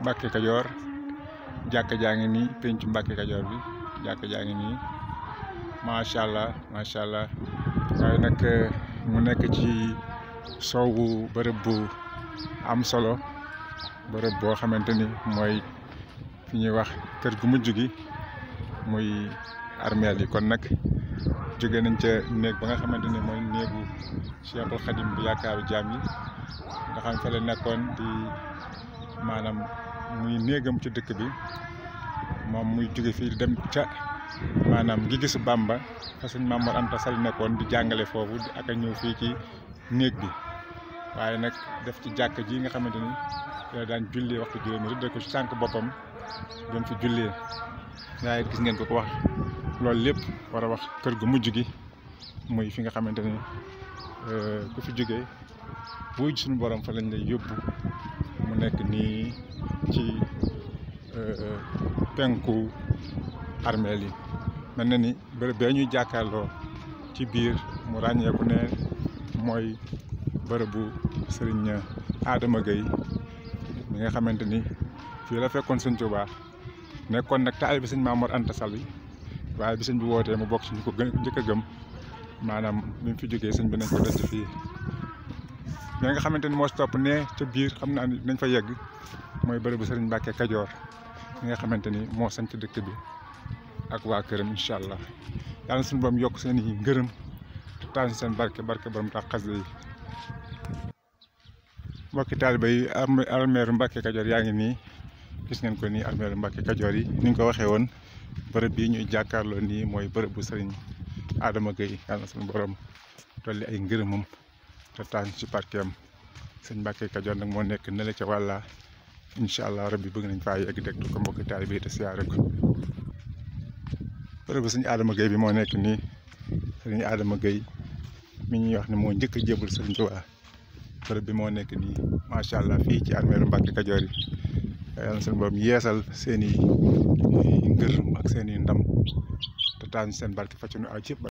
Mbàkke Kajoor jàkk jaa ngi nii pencu Mbàkke Kajoor bi jàkka jaa ngi nii macha allah macha allah waaye nag eh, mu nekk ci soowu bërëb bu am solo bërëb boo xamante ni mooy fi ñuy wax kër gu mujj gi muy. armeel yi kon nag jóge nañ ca néeg ba nga xamante ni mooy néegu Cheikhul Khadim bu yaakaaru jaam yi nga xam fa la nekkoon di maanaam muy néegam ci dëkk bi moom muy jóge fii dem ca maanaam ngi gis Bamba fa suñ Maam Mor Anta Sall nekkoon di jàngale foofu ak a ñëw fii ci néeg bi waaye nag def ci jàkk ji nga xamante ni dina daan jullee waxtu juróomi rëdd ko ci sànk boppam doon fi jullee waaye gis ngeen ko ko wax loolu lépp war a wax kër gu mujj gi muy fi nga xamante ni euh, ku fi jógee wuy suñu borom fa lañ lay yóbbu mu nekk nii ci euh, penku armeel yi mel na ni bërëb bee ñuy jàkkaarloo ci biir mu ràññeeku ne Adama mi nga la waaye bi sëñ bi wootee mu bokk ci ñu ko gën njëkk a gëm maanaam bi fi jógee sëñ bi nañ ko denc fii mais nga xamante ni moo si topp nee ca biir xam naa ni nañ fa yegg mooy bërëb bu sëriñ Mbàkke Kajoor mi nga xamante ni moo sanc dëkk bi ak waa këram allah yàlla na suñu borom yokk seen i ngërëm taal seen barke barke borom tax xas yi mbokki yi Kajoor yaa ngi nii gis ngeen ko nii armeelu Mbàkke Kajoor yi ni ñu ko waxee woon bërëb bii ñuy jàkkaarloo nii mooy bërëb bu sëriñ aadama Gueye yàlla na suñu borom dolli ay ngërëmam te taan ci parkeem sëñ Mbàkke Kajoor nag moo nekk ne la ca wàlla incha allah rabbi bëgg nañ faa yegg ko mbokki taalibe yi te siyaare ko bërëb bu sëñ Adama Gueye bi moo nekk nii sëriñ Adama Gueye mi ñuy wax ne moo njëkk a jébul sëriñ Tuubaa bërëb bi moo nekk nii macha allah fii ci armeelu Mbàkke Kajoor yi yàlla seen borom yeesal seen i ngër ak seen i ndam te taal ñu seen barke fàccanu a ci